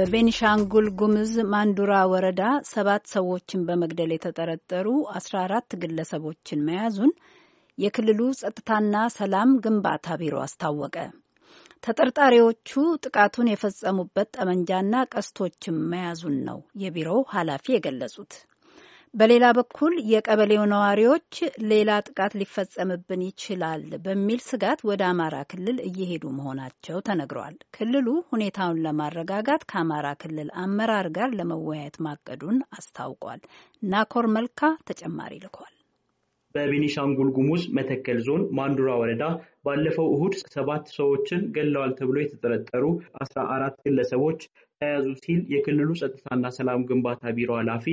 በቤኒሻንጉል ጉምዝ ማንዱራ ወረዳ ሰባት ሰዎችን በመግደል የተጠረጠሩ አስራ አራት ግለሰቦችን መያዙን የክልሉ ጸጥታና ሰላም ግንባታ ቢሮ አስታወቀ። ተጠርጣሪዎቹ ጥቃቱን የፈጸሙበት ጠመንጃና ቀስቶችን መያዙን ነው የቢሮው ኃላፊ የገለጹት። በሌላ በኩል የቀበሌው ነዋሪዎች ሌላ ጥቃት ሊፈጸምብን ይችላል በሚል ስጋት ወደ አማራ ክልል እየሄዱ መሆናቸው ተነግሯል። ክልሉ ሁኔታውን ለማረጋጋት ከአማራ ክልል አመራር ጋር ለመወያየት ማቀዱን አስታውቋል። ናኮር መልካ ተጨማሪ ልኳል። በቤኒሻንጉል ጉሙዝ መተከል ዞን ማንዱራ ወረዳ ባለፈው እሁድ ሰባት ሰዎችን ገለዋል ተብሎ የተጠረጠሩ አስራ አራት ግለሰቦች ተያዙ ሲል የክልሉ ጸጥታና ሰላም ግንባታ ቢሮ ኃላፊ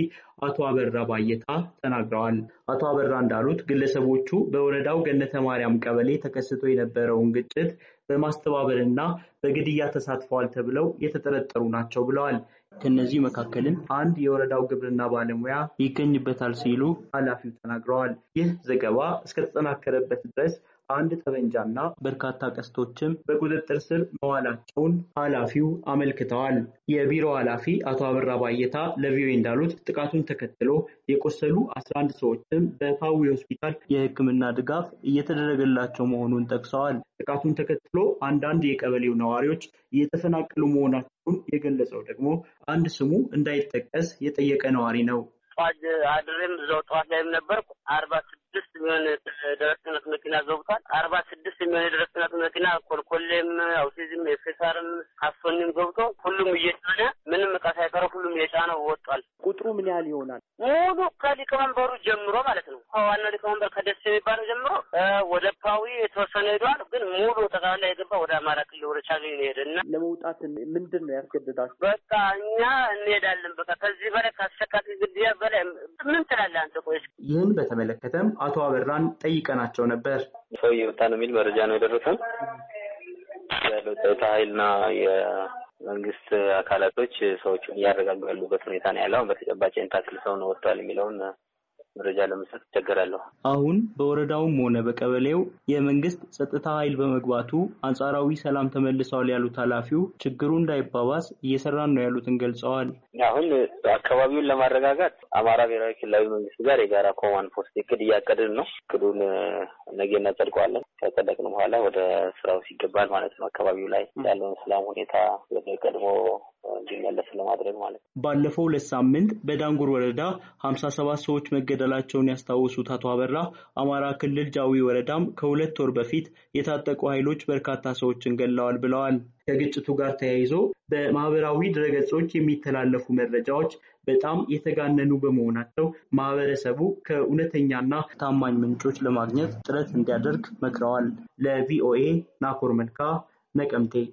አቶ አበራ ባየታ ተናግረዋል። አቶ አበራ እንዳሉት ግለሰቦቹ በወረዳው ገነተ ማርያም ቀበሌ ተከስቶ የነበረውን ግጭት በማስተባበርና በግድያ ተሳትፈዋል ተብለው የተጠረጠሩ ናቸው ብለዋል። ከነዚህ መካከልም አንድ የወረዳው ግብርና ባለሙያ ይገኝበታል ሲሉ ኃላፊው ተናግረዋል። ይህ ዘገባ እስከተጠናከረበት ድረስ አንድ እና በርካታ ቀስቶችም በቁጥጥር ስር መዋላቸውን ኃላፊው አመልክተዋል። የቢሮው ኃላፊ አቶ አበራ ባየታ ለቪኦኤ እንዳሉት ጥቃቱን ተከትሎ የቆሰሉ አንድ ሰዎችም በፓዊ ሆስፒታል የሕክምና ድጋፍ እየተደረገላቸው መሆኑን ጠቅሰዋል። ጥቃቱን ተከትሎ አንዳንድ የቀበሌው ነዋሪዎች እየተፈናቀሉ መሆናቸውን የገለጸው ደግሞ አንድ ስሙ እንዳይጠቀስ የጠየቀ ነዋሪ ነው። ጠዋት አድሬም እዛው ጠዋት ላይም ነበርኩ። አርባ ስድስት የሚሆን ደረሰ መኪና ዘውቷል። አርባ ስድስት የሚሆን የደረሰ የጭነት መኪና ኮልኮሌም፣ አውቲዝም፣ ኤፌሳርም፣ ካሶኒም ገብቶ ሁሉም እየጫነ ምንም እቃ ሳይቀረው ሁሉም እየጫነ ወጧል። ቁጥሩ ምን ያህል ይሆናል? ሙሉ ከሊቀመንበሩ ጀምሮ ማለት ነው። ከዋና ሊቀመንበር ከደስ የሚባለው ጀምሮ ወደ ፓዊ የተወሰነ ሄደዋል። ግን ሙሉ ጠቅላላ የገባ ወደ አማራ ክልል ወደ ቻግኒ ሄደ እና ለመውጣት ምንድን ነው ያስገድዳችሁ? በቃ እኛ እንሄዳለን። በቃ ከዚህ በላይ ከአሰቃቂ ግድያ በላይ ምን ትላለህ አንተ? ቆይ ይህን በተመለከተም አቶ አበራን ጠይቀናቸው ነበር። ሰው እየወጣ ነው የሚል መረጃ ነው የደረሰን። የጸጥታ ኃይልና የመንግስት አካላቶች ሰዎቹን እያረጋጉ ያሉበት ሁኔታ ነው ያለው። አሁን በተጨባጭ ንታክል ሰው ነው ወጥቷል የሚለውን መረጃ ለመስጠት ይቸገራለሁ። አሁን በወረዳውም ሆነ በቀበሌው የመንግስት ጸጥታ ኃይል በመግባቱ አንጻራዊ ሰላም ተመልሰዋል ያሉት ኃላፊው ችግሩ እንዳይባባስ እየሰራን ነው ያሉትን ገልጸዋል። አሁን አካባቢውን ለማረጋጋት አማራ ብሔራዊ ክልላዊ መንግስት ጋር የጋራ ኮማንድ ፖስት እቅድ እያቀድን ነው። እቅዱን ነገ እናጸድቀዋለን። ከጸደቅን በኋላ ወደ ስራው ሲገባል ማለት ነው። አካባቢው ላይ ያለውን ሰላም ሁኔታ ወደ ቀድሞ እንዲመለስ ለማድረግ ማለት ነው። ባለፈው ሁለት ሳምንት በዳንጉር ወረዳ ሀምሳ ሰባት ሰዎች መገደላቸውን ያስታወሱት አቶ አበራ አማራ ክልል ጃዊ ወረዳም ከሁለት ወር በፊት የታጠቁ ኃይሎች በርካታ ሰዎችን ገለዋል ብለዋል። ከግጭቱ ጋር ተያይዞ በማህበራዊ ድረገጾች የሚተላለፉ መረጃዎች በጣም የተጋነኑ በመሆናቸው ማህበረሰቡ ከእውነተኛና ታማኝ ምንጮች ለማግኘት ጥረት እንዲያደርግ መክረዋል። ለቪኦኤ ናኮር መልካ ነቀምቴ